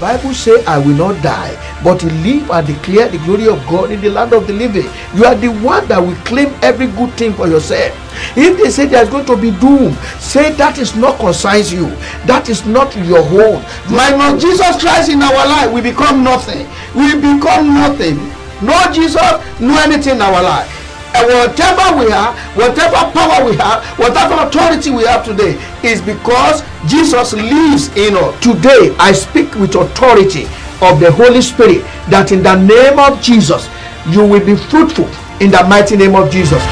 Bible say, I will not die, but live and declare the glory of God in the land of the living. You are the one that will claim every good thing for yourself. If they say there's going to be doom, say that is not concerns you. That is not your own. Minus Jesus Christ in our life, we become nothing. We become nothing. No Jesus, no anything in our life. And whatever we are, whatever power we have, whatever authority we have today is because Jesus lives in us. Today, I speak with authority of the Holy Spirit that in the name of Jesus, you will be fruitful in the mighty name of Jesus.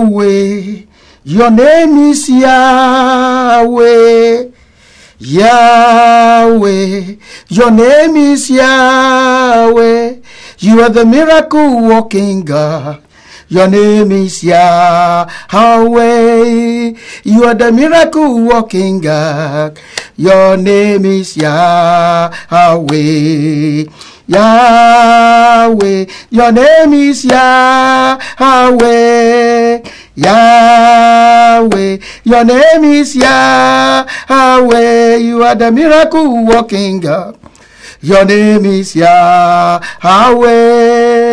Yahweh. Your name is Yahweh. Yahweh. Your name is Yahweh. You are the miracle walking God. Your name is Yahweh. You are the miracle walking God. Your name is Yahweh. Yahweh. Your name is Yahweh. Yahweh. Your name is Yahweh. You are the miracle walking God. Your name is Yahweh.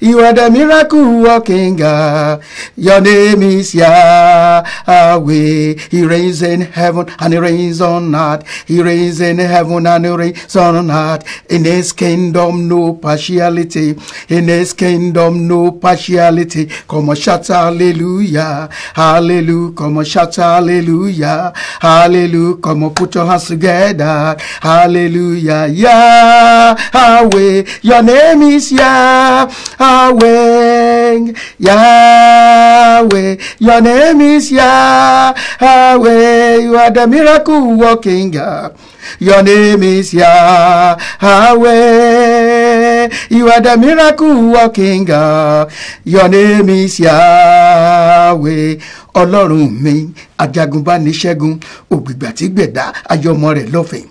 You are the miracle working God. Your name is Yahweh. He reigns in heaven and he reigns on earth. He reigns in heaven and he reigns on earth. In his kingdom, no partiality. In his kingdom, no partiality. Come on, shout hallelujah. Hallelujah. Come on, shout hallelujah. Hallelujah. Come on, put your hands together. Hallelujah. Yahweh. Your name is Yah. Yahweh, Yahweh, your name is Yahweh, you are the miracle working God. Your name is Yahweh, you are the miracle working God. Your name is Yahweh. Ọlọ́run mi, ajagunbániṣẹ́gun, ògbìgbà tí gbẹ̀dá ayọmọ rẹ̀ lọ́fẹ̀ẹ́,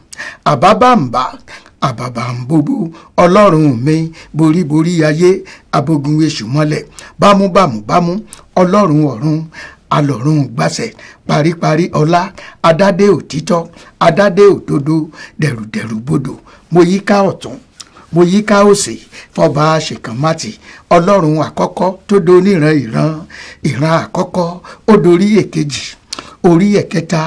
àbábàǹbà àbàbà ń bóbó ọlọ́run mi boríborí ayé abogun èṣù mọ́lẹ̀ bámúbámú bámú ọlọ́run ọ̀run alọ̀run gbàṣẹ paríparí ọlá adádé òtítọ́ adádé òdodo dẹ̀rùdẹ̀rù bodò mo yíká ọ̀tún mo yíká òsì fọba ṣèkànmátì ọlọ́run àkọ́kọ́ tó do oníran ìran ìran àkọ́kọ́ ó dorí èkejì orí ẹ̀kẹta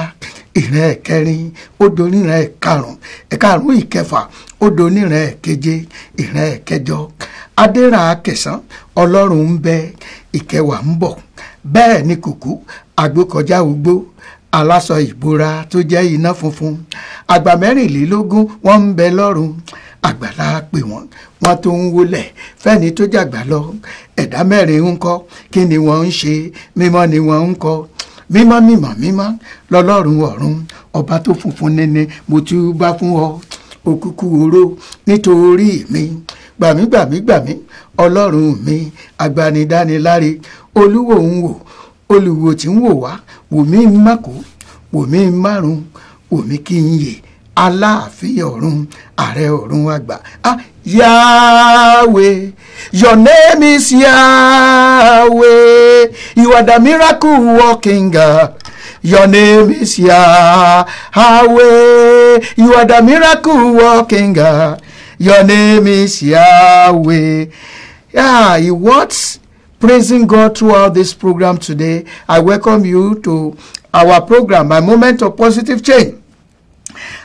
ìran ẹ̀kẹrin ó dorí ìran ẹ̀karùn ẹ̀karùn ìkẹfà odò onírẹ̀ keje ìrẹ̀ kẹjọ adéràn akẹsàn ọlọ́run ń bẹ ìkẹwàá ń bọ̀ bẹ́ẹ̀ ni kùkú àgbékọjá ogbó aláṣọ ìbora tó jẹ́ iná funfun àgbà mẹ́rìnlélógún wọ́n ń bẹ lọ́run àgbàlá pè wọ́n wọ́n tó ń wólẹ̀ fẹ́ni tó jàgbà lọ ẹ̀dá mẹ́rin ń kọ́ kí ni wọ́n ń ṣe mímọ́ ni wọ́n ń kọ́ mímọ́ mímọ́ mímọ́ lọ́lọ́run ọ̀run ọba tó funfun nene mo ti bá fún ọ òkùnkù oró nítorí mi gbàmígbàmígbàmí ọlọ́run mi agbanidániláre olúwo ń wò olùwò tí ń wò wá wòmí mákò wòmí márùn wòmí kí n yè aláàfin ọ̀run ààrẹ ọ̀run àgbà ah Yahweh, your name is Yahweh. You are the miracle working God. Your name is Yahweh. You are the miracle working God. Your name is Yahweh. Yeah, you was praising God throughout this program today. I welcome you to our program, My Moment of Positive Change.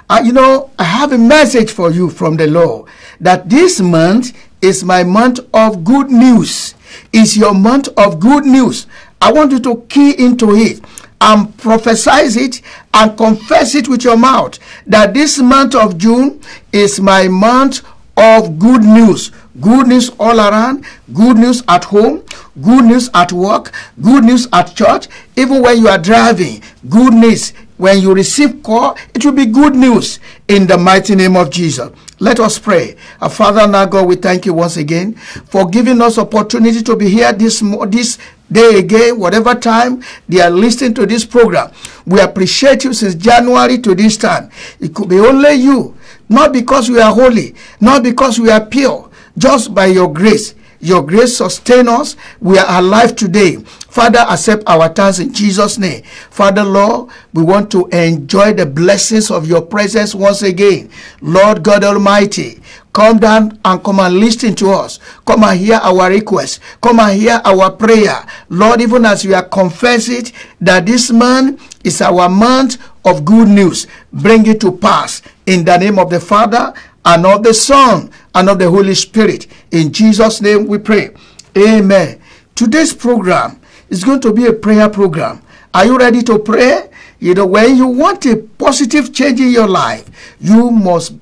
Uh, you know, I have a message for you from the Lord that this month is my month of good news. It's your month of good news. I want you to key into it and prophesize it and confess it with your mouth that this month of June is my month of good news. Good news all around, good news at home, good news at work, good news at church, even when you are driving, good news. When you receive call, it will be good news in the mighty name of Jesus. Let us pray. Our Father and our God, we thank you once again for giving us opportunity to be here this, this day again, whatever time they are listening to this program. We appreciate you since January to this time. It could be only you, not because we are holy, not because we are pure, just by your grace. Your grace sustain us. We are alive today. Father, accept our thanks in Jesus' name. Father, Lord, we want to enjoy the blessings of your presence once again. Lord God Almighty, Come down and come and listen to us. Come and hear our request. Come and hear our prayer. Lord, even as we are confessing that this month is our month of good news. Bring it to pass in the name of the Father and of the Son and of the Holy Spirit. In Jesus' name we pray. Amen. Today's program is going to be a prayer program. Are you ready to pray? You know, when you want a positive change in your life, you must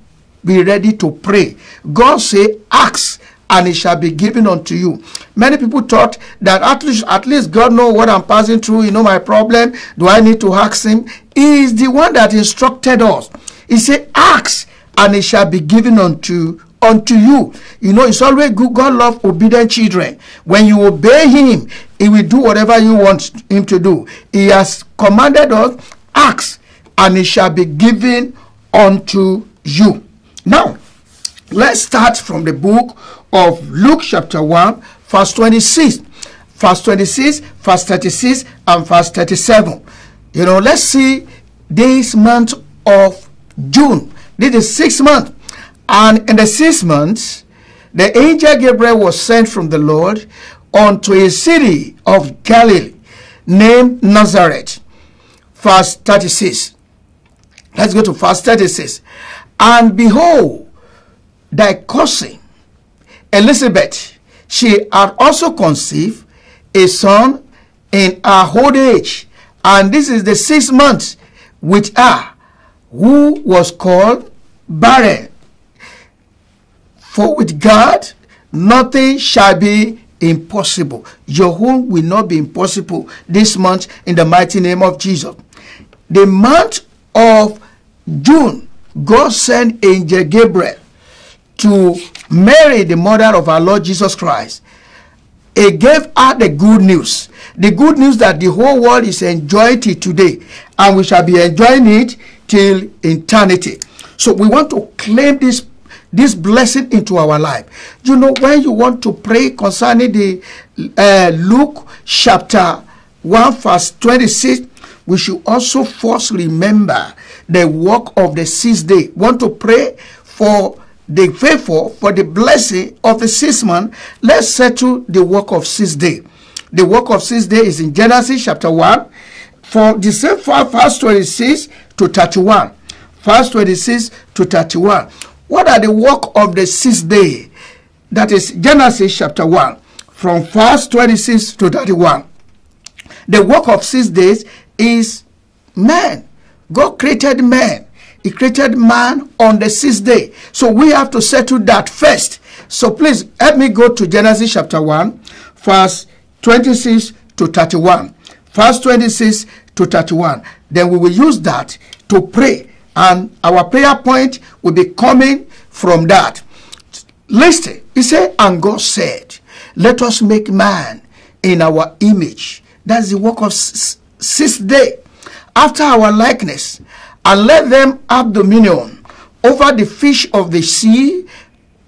be ready to pray. God say, ask and it shall be given unto you. Many people thought that at least, at least God know what I'm passing through. You know my problem. Do I need to ask him? He is the one that instructed us. He said, ask and it shall be given unto unto you. You know, it's always good. God love obedient children. When you obey him, he will do whatever you want him to do. He has commanded us, ask and it shall be given unto you. Now, let's start from the book of Luke chapter 1, verse 26. Verse 26, verse 36, and verse 37. You know, let's see this month of June. This is six months, And in the six months, the angel Gabriel was sent from the Lord unto a city of Galilee named Nazareth. Verse 36. Let's go to verse 36. And behold, thy cousin Elizabeth, she had also conceived a son in her old age. And this is the sixth month with her, who was called barren. For with God, nothing shall be impossible. Your home will not be impossible this month in the mighty name of Jesus. The month of June God sent angel Gabriel to Mary, the mother of our Lord Jesus Christ. He gave her the good news. The good news that the whole world is enjoying it today. And we shall be enjoying it till eternity. So we want to claim this this blessing into our life. You know, when you want to pray concerning the uh, Luke chapter 1 verse 26, we should also first remember the work of the sixth day. Want to pray for the faithful, for the blessing of the sixth month. Let's settle the work of sixth day. The work of sixth day is in Genesis chapter 1, for the same far, verse 26 to 31. Verse 26 to 31. What are the work of the sixth day? That is Genesis chapter 1, from verse 26 to 31. The work of six days is man God created man. He created man on the sixth day. So we have to settle that first. So please help me go to Genesis chapter 1, verse 26 to 31. Verse 26 to 31. Then we will use that to pray. And our prayer point will be coming from that. Listen, he said, and God said, let us make man in our image. That's the work of sixth day after our likeness, and let them have dominion over the fish of the sea,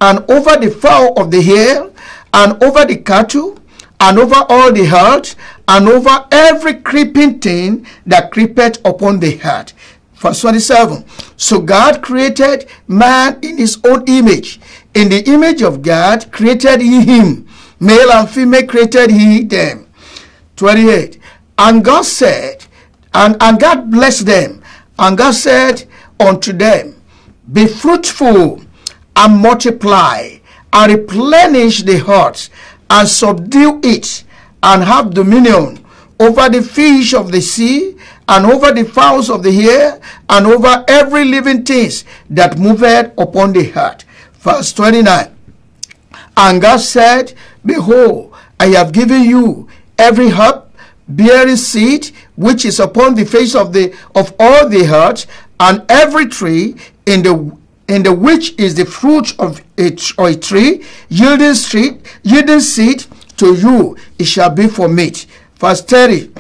and over the fowl of the air, and over the cattle, and over all the earth, and over every creeping thing that creepeth upon the earth. Verse 27. So God created man in his own image. In the image of God created he him. Male and female created he them. 28. And God said, and, and God blessed them. And God said unto them, Be fruitful and multiply and replenish the earth and subdue it and have dominion over the fish of the sea and over the fowls of the air and over every living thing that moveth upon the earth. Verse 29. And God said, Behold, I have given you every herb bearing seed which is upon the face of the of all the earth, and every tree in the in the which is the fruit of a, or a tree yielding seed, yielding seed to you, it shall be for meat. Verse 30.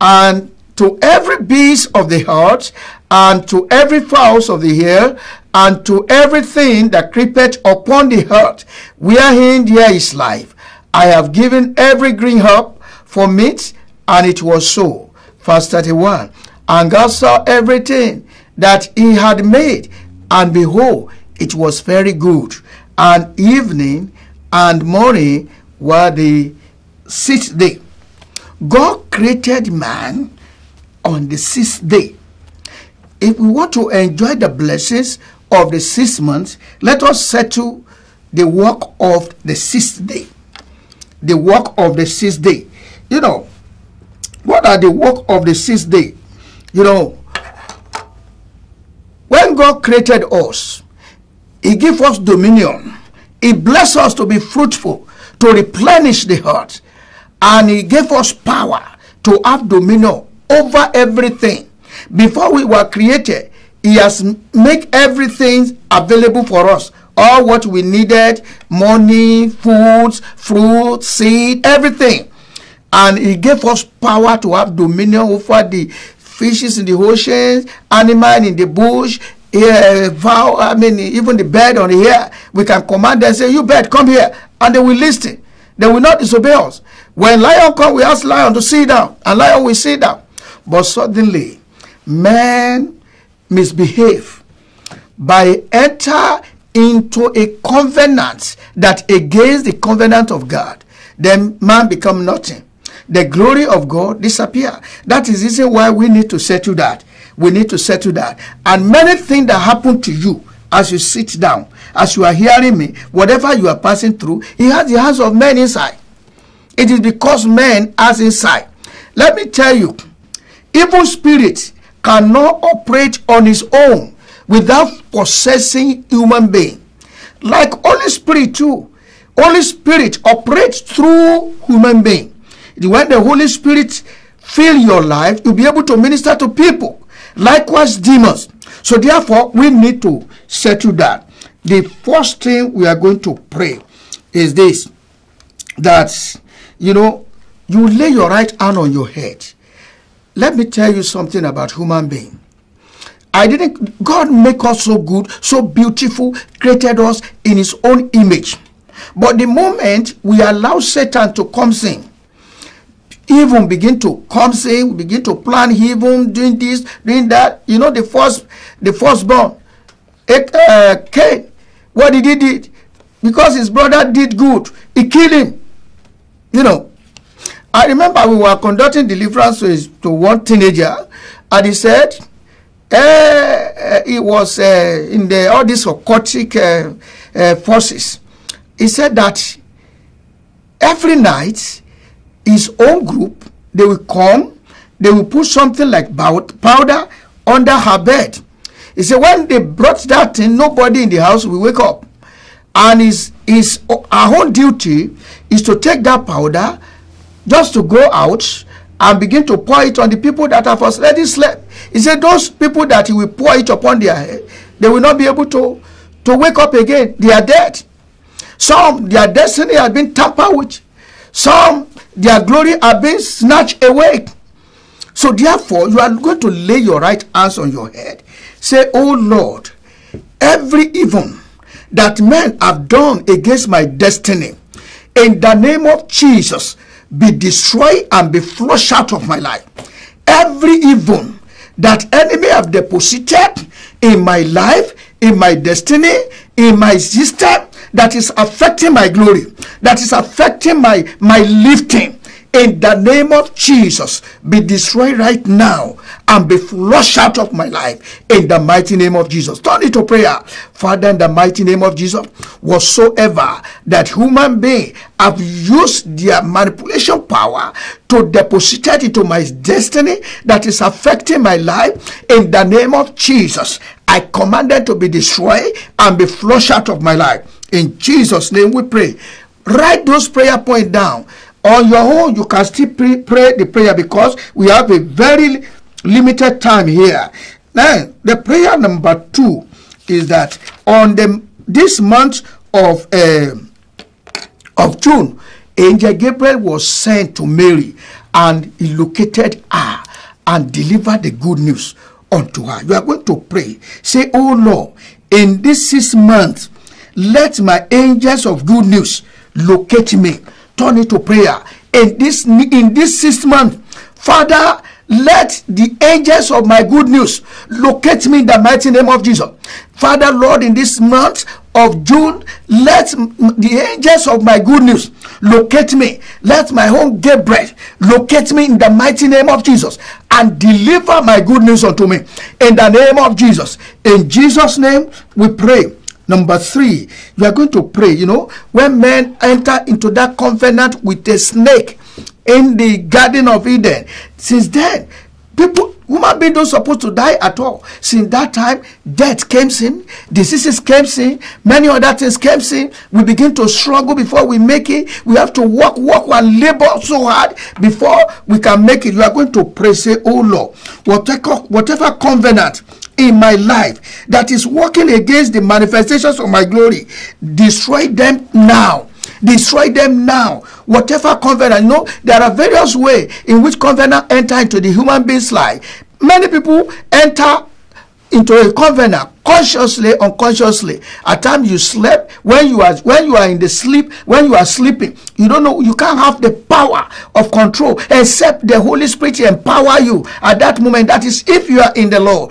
And to every beast of the earth, and to every fowl of the air, and to everything that creepeth upon the earth, wherein there is life. I have given every green herb for meat, and it was so verse 31. And God saw everything that he had made, and behold, it was very good. And evening and morning were the sixth day. God created man on the sixth day. If we want to enjoy the blessings of the six months, let us settle the work of the sixth day. The work of the sixth day. You know, what are the work of the sixth day? You know, when God created us, he gave us dominion. He blessed us to be fruitful, to replenish the earth. And he gave us power to have dominion over everything. Before we were created, he has made everything available for us. All what we needed, money, foods, fruit, seed, everything and he gave us power to have dominion over the fishes in the ocean, animal in the bush, vow, I mean, even the bird on the air. We can command them, say, you bird, come here. And they will listen. They will not disobey us. When lion come, we ask lion to sit down. And lion will sit down. But suddenly, man misbehave by enter into a covenant that against the covenant of God. Then man become nothing the glory of God disappear. That is reason why we need to settle that. We need to settle that. And many things that happen to you as you sit down, as you are hearing me, whatever you are passing through, he has the hands of men inside. It is because men has inside. Let me tell you, evil spirit cannot operate on his own without possessing human being. Like Holy Spirit too. Holy Spirit operates through human being when the Holy Spirit fill your life, you'll be able to minister to people. Likewise, demons. So therefore, we need to settle that. The first thing we are going to pray is this. That, you know, you lay your right hand on your head. Let me tell you something about human being. I didn't, God make us so good, so beautiful, created us in his own image. But the moment we allow Satan to come in, even begin to come say begin to plan even doing this doing that you know the first the firstborn uh, Cain what did he did because his brother did good he killed him you know I remember we were conducting deliverance to, one teenager and he said uh, he was uh, in the all these occultic uh, forces he said that every night his own group, they will come, they will put something like powder under her bed. He said, when they brought that thing, nobody in the house will wake up. And his, his, our whole duty is to take that powder just to go out and begin to pour it on the people that have already slept. He said, those people that he will pour it upon their head, they will not be able to, to wake up again. They are dead. Some, their destiny has been tampered with. Some, their glory are being snatched away. So therefore, you are going to lay your right hands on your head. Say, Oh Lord, every evil that men have done against my destiny, in the name of Jesus, be destroyed and be flushed out of my life. Every evil that enemy have deposited in my life, in my destiny, in my system, that is affecting my glory, that is affecting my, my lifting, in the name of Jesus, be destroyed right now and be flushed out of my life in the mighty name of Jesus. Turn it to prayer. Father, in the mighty name of Jesus, whatsoever that human being have used their manipulation power to deposit it into my destiny that is affecting my life, in the name of Jesus, I command them to be destroyed and be flushed out of my life in Jesus' name we pray. Write those prayer points down. On your own, you can still pray, pray the prayer because we have a very limited time here. Then the prayer number two is that on the this month of uh, of June, Angel Gabriel was sent to Mary and he located her and delivered the good news unto her. You are going to pray. Say, Oh Lord, in this six months let my angels of good news locate me. Turn it to prayer. In this in this six month, Father, let the angels of my good news locate me in the mighty name of Jesus. Father, Lord, in this month of June, let the angels of my good news locate me. Let my home get bread locate me in the mighty name of Jesus and deliver my good news unto me in the name of Jesus. In Jesus' name, we pray. Number three, you are going to pray. You know, when men enter into that covenant with a snake in the Garden of Eden, since then, people, human beings don't supposed to die at all. Since that time, death came in, diseases came in, many other things came in. We begin to struggle before we make it. We have to work, work, and labor so hard before we can make it. You are going to pray, say, Oh Lord, whatever, whatever covenant in my life that is working against the manifestations of my glory, destroy them now. Destroy them now. Whatever covenant, you know, there are various ways in which covenant enter into the human being's life. Many people enter into a covenant consciously unconsciously at times you slept when you are when you are in the sleep when you are sleeping you don't know you can't have the power of control except the holy spirit empower you at that moment that is if you are in the law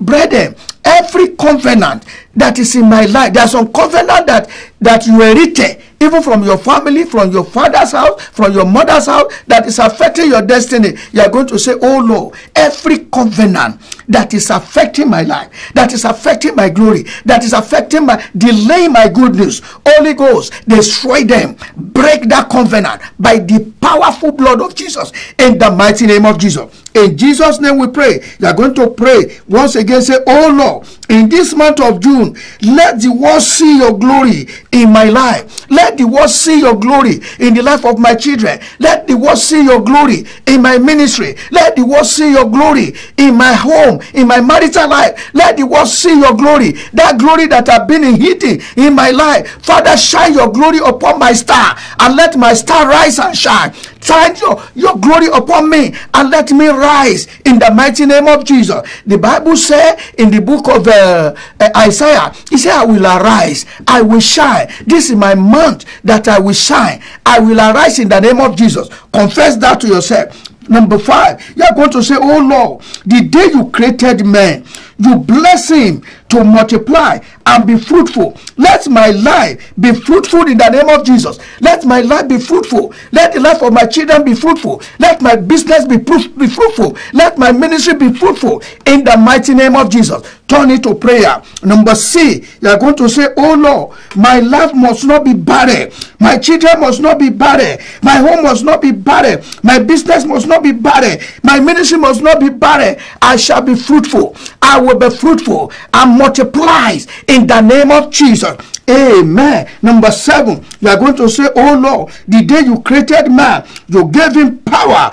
brethren, every covenant that is in my life, there are some covenant that, that you written, even from your family, from your father's house, from your mother's house, that is affecting your destiny. You are going to say, Oh Lord, every covenant that is affecting my life, that is affecting my glory, that is affecting my delay my good news. Holy Ghost, destroy them, break that covenant by the powerful blood of Jesus in the mighty name of Jesus. In Jesus' name we pray. You are going to pray once again. Say, Oh Lord, in this month of June, let the world see your glory in my life. Let the world see your glory in the life of my children. Let the world see your glory in my ministry. Let the world see your glory in my home home, in my marital life. Let the world see your glory. That glory that I've been in hidden in my life. Father, shine your glory upon my star and let my star rise and shine. Shine your, your glory upon me and let me rise in the mighty name of Jesus. The Bible says in the book of uh, uh, Isaiah, he said, I will arise, I will shine. This is my month that I will shine. I will arise in the name of Jesus. Confess that to yourself. Number five, you are going to say, Oh Lord, the day you created man, you bless him to multiply and be fruitful. Let my life be fruitful in the name of Jesus. Let my life be fruitful. Let the life of my children be fruitful. Let my business be, be fruitful. Let my ministry be fruitful in the mighty name of Jesus. Turn it to prayer. Number C, you are going to say, Oh Lord, my life must not be barren. My children must not be barren. My home must not be barren. My business must not be barren. My ministry must not be barren. I shall be fruitful. I will be fruitful and multiply in the name of Jesus. Amen. Number seven, you are going to say, Oh Lord, the day you created man, you gave him power.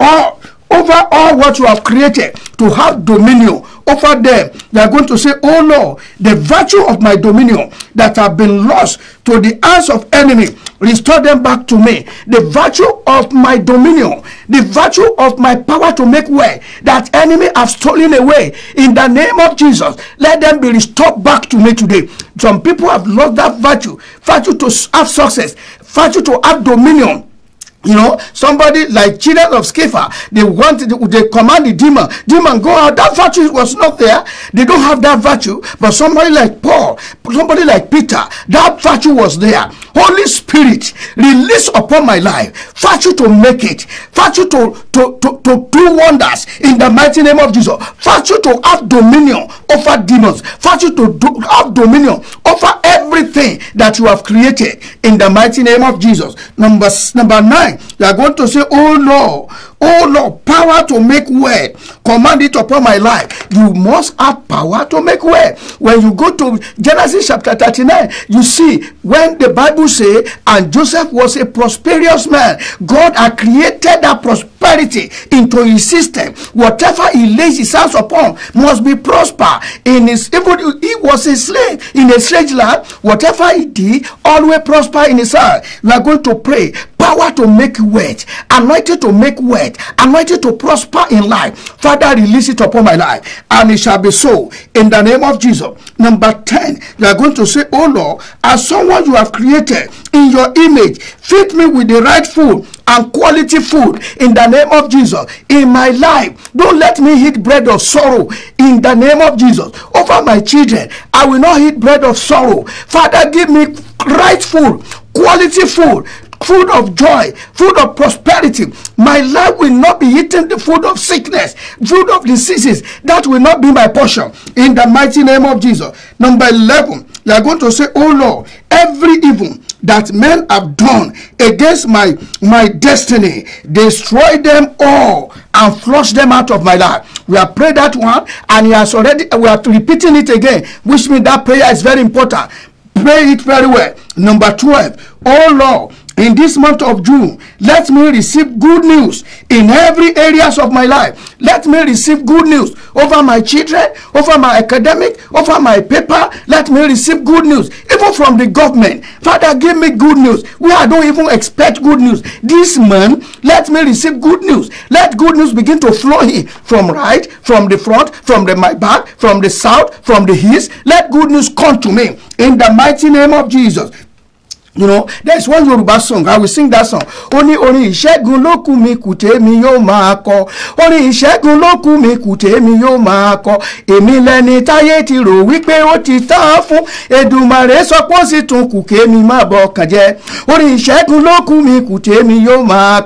All over all what you have created to have dominion over them. They are going to say, Oh Lord, the virtue of my dominion that have been lost to the hands of enemy, restore them back to me. The virtue of my dominion, the virtue of my power to make way that enemy have stolen away in the name of Jesus, let them be restored back to me today. Some people have lost that virtue, virtue to have success, virtue to have dominion you know somebody like children of Sceva they want they command the demon demon go out that virtue was not there they don't have that virtue but somebody like Paul somebody like Peter that virtue was there Holy Spirit release upon my life virtue to make it virtue to to to do wonders in the mighty name of Jesus. you to have dominion over demons. you to do, have dominion over everything that you have created in the mighty name of Jesus. Number, number nine, you are going to say, Oh Lord, Oh Lord, power to make way. Command it upon my life. You must have power to make way. When you go to Genesis chapter 39, you see when the Bible say, and Joseph was a prosperous man, God had created that prosperity into his system. Whatever he lays his hands upon must be prosper. In his even he was a slave in a strange land, whatever he did, always prosper in his hand. We are going to pray power to make wealth, anointing to make wealth, anointing to prosper in life. Father, release it upon my life, and it shall be so in the name of Jesus. Number 10, you are going to say, Oh Lord, as someone you have created in your image, feed me with the right food and quality food in the name of Jesus. In my life, don't let me eat bread of sorrow in the name of Jesus. Over my children, I will not eat bread of sorrow. Father, give me right food, quality food food of joy, food of prosperity. My life will not be eating the food of sickness, food of diseases. That will not be my portion in the mighty name of Jesus. Number 11, you are going to say, Oh Lord, every evil that men have done against my my destiny destroy them all and flush them out of my life we have prayed that one and he has already we are repeating it again which means that prayer is very important pray it very well number 12 oh lord in this month of June. Let me receive good news in every areas of my life. Let me receive good news over my children, over my academic, over my paper. Let me receive good news, even from the government. Father, give me good news We I don't even expect good news. This month, let me receive good news. Let good news begin to flow here from right, from the front, from the my back, from the south, from the east. Let good news come to me in the mighty name of Jesus. you know that's one Yoruba song i will sing that song ó orin ìṣẹ́gun ló kù mí kù tèmi yóò máa orin ìṣẹ́gun ló kù mí kù tèmi yóò máa kọ èmi lẹni ti rò wípé ó ti tán fún Èdùmàrè sọ pé ó sì tún kù kémi má bọ kàn jẹ orin ìṣẹ́gun ló kù mí kù tèmi yóò máa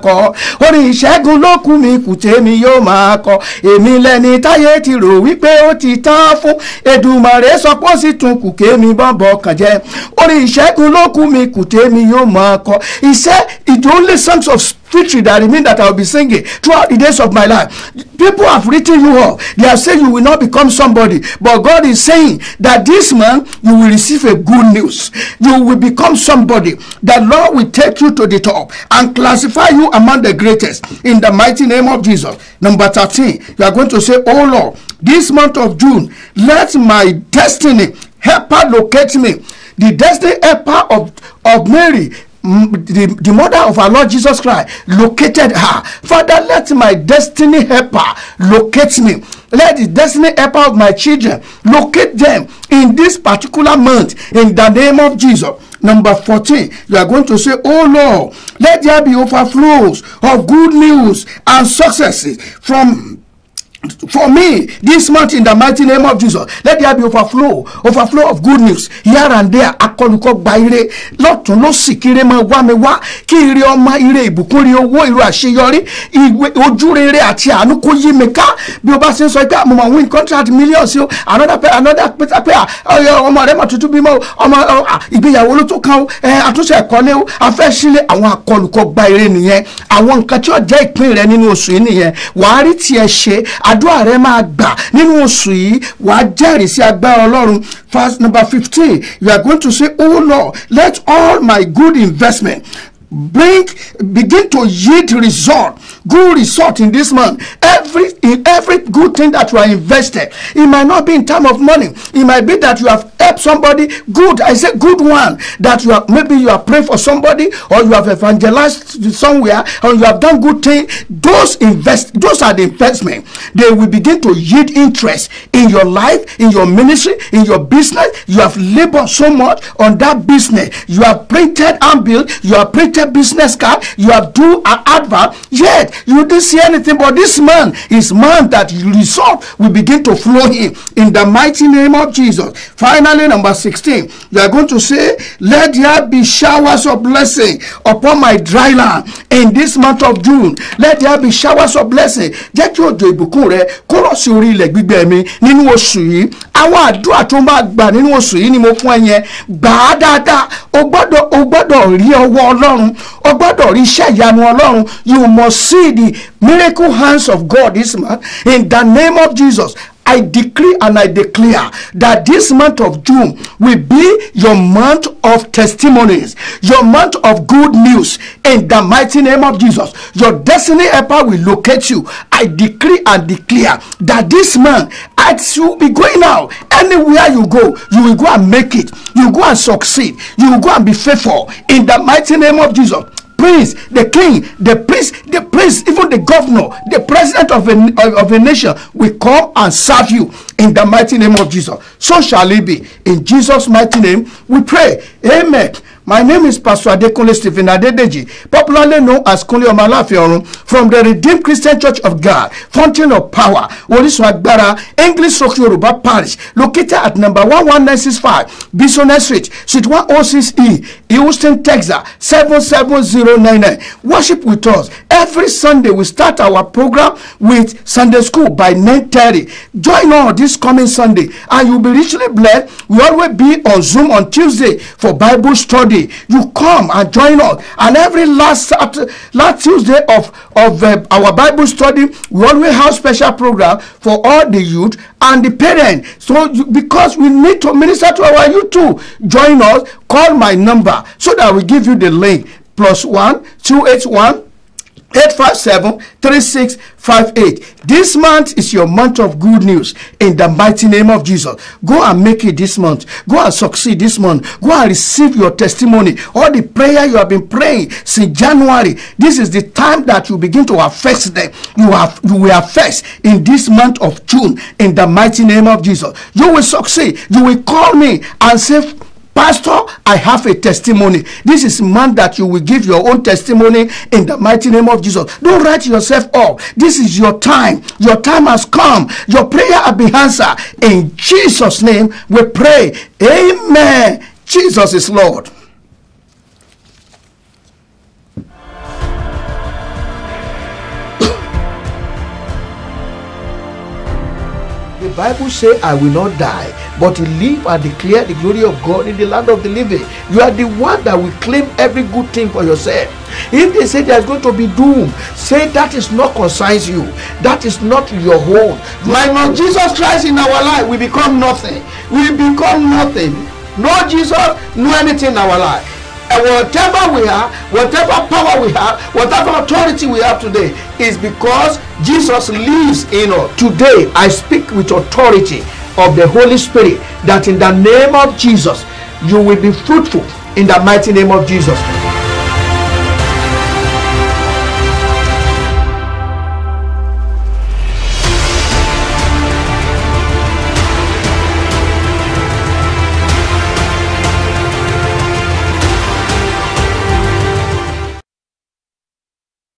orin ìṣẹ́gun ló kù mí kù tèmi yóò máa kọ èmi lẹni ti rò wípé ó ti tán fún Èdùmàrè sọ pé ó sì tún kù kémi má bọ kàn jẹ orin ìṣẹ́gun ló kù mí kù He said, it's the only songs of victory that remain that I'll be singing throughout the days of my life. People have written you off. They have said you will not become somebody. But God is saying that this man, you will receive a good news. You will become somebody. The Lord will take you to the top and classify you among the greatest in the mighty name of Jesus. Number 13, you are going to say, Oh Lord, this month of June, let my destiny help her locate me the destiny helper of of Mary the, the mother of our Lord Jesus Christ located her. Father, let my destiny helper locate me. Let the destiny helper of my children locate them in this particular month in the name of Jesus. Number fourteen. you are going to say, Oh Lord, let there be overflows of good news and successes from for me this month in the mighty name of jesus let there be overflow overflow of good news here and there akọlùkọ gba ire lọ́tún ló sì kiri máa wá mi wá kí ire ọmọ ire ìbùkún ire owó ire àṣeyọrí ìwé ojú rere àti àánú kó yí mi ká bí o bá ṣe ń sọ pé ah, mo máa win contract millions o another pair another pair ah, ọmọ rẹ mà tuntun bímọ ọmọ ah, ìgbéyàwó ló tó kan o àtúnṣe ẹ̀kọ́ ni o afẹ́ sílé àwọn akọlùkọ gba ire nìyẹn àwọn nǹkan tí ó jẹ́ ìpín rẹ nínú oṣù yìí nìyẹn wàá rí tiẹ̀ ṣe àdúrà rẹ máa gbà nínú oṣù yìí wàá jẹ́rìí sí agbára ọlọ́run first number fifteen you are going to say oh lord let all my good investment bring begin to yield result good result in this month. Every in every good thing that you are invested, it might not be in time of money. It might be that you have helped somebody. Good, I say good one. That you have maybe you have prayed for somebody or you have evangelized somewhere or you have done good thing. Those invest those are the investment. They will begin to yield interest in your life, in your ministry, in your business. You have labored so much on that business. You have printed and built. You have printed business card. You have do an advert. Yet you didn't see anything, but this man is man that resolve will begin to flow in in the mighty name of Jesus. Finally, number 16, you are going to say, Let there be showers of blessing upon my dry land in this month of June. Let there be showers of blessing. nínú àwọn àdúrà tó máa gbà nínú oṣù yìí ni mo fún ẹ yẹn gbà á dáadáa o gbọ́dọ̀ o gbọ́dọ̀ rí ọwọ́ ọlọ́run o gbọ́dọ̀ rí iṣẹ́ ìyanu ọlọ́run you must see the miracle hands of God this month in the name of Jesus I decree and I declare that this month of June will be your month of testimonies, your month of good news in the mighty name of Jesus. Your destiny helper will locate you. I decree and declare that this month, as you be going out, anywhere you go, you will go and make it. You go and succeed. You will go and be faithful in the mighty name of Jesus. prince the king the prince the prince even the governor the president of a of a nation will come and serve you in the mighty name of jesus so shall it be in jesus mighty name we pray amen My name is Pastor Adekunle Stephen Adedeji, popularly known as Kunle Omalafiorun, from the Redeemed Christian Church of God, Fountain of Power, Orisun English Rock Yoruba Parish, located at number 11965, Bison Street, Suite 106E, Houston, Texas, 77099. Worship with us. Every Sunday, we start our program with Sunday School by 9.30. Join us this coming Sunday, and you'll be richly blessed. We always be on Zoom on Tuesday for Bible study. You come and join us. And every last last Tuesday of of uh, our Bible study, we always have special program for all the youth and the parents. So you, because we need to minister to our youth too, join us. Call my number so that we give you the link. Plus one two eight one. 857-3658. This month is your month of good news in the mighty name of Jesus. Go and make it this month. Go and succeed this month. Go and receive your testimony. All the prayer you have been praying since January, this is the time that you begin to affect them. You have you will affect in this month of June in the mighty name of Jesus. You will succeed. You will call me and say Pastor, I have a testimony. This is man that you will give your own testimony in the mighty name of Jesus. Don't write yourself off. This is your time. Your time has come. Your prayer will be answered. In Jesus' name, we pray. Amen. Jesus is Lord. Bible say, I will not die, but live and declare the glory of God in the land of the living. You are the one that will claim every good thing for yourself. If they say there's going to be doom, say that is not concerns you. That is not your own. Lord Jesus Christ in our life, we become nothing. We become nothing. No Jesus, no anything in our life. And whatever we have, whatever power we have, whatever authority we have today is because Jesus lives in us. Today, I speak with authority of the Holy Spirit that in the name of Jesus, you will be fruitful in the mighty name of Jesus.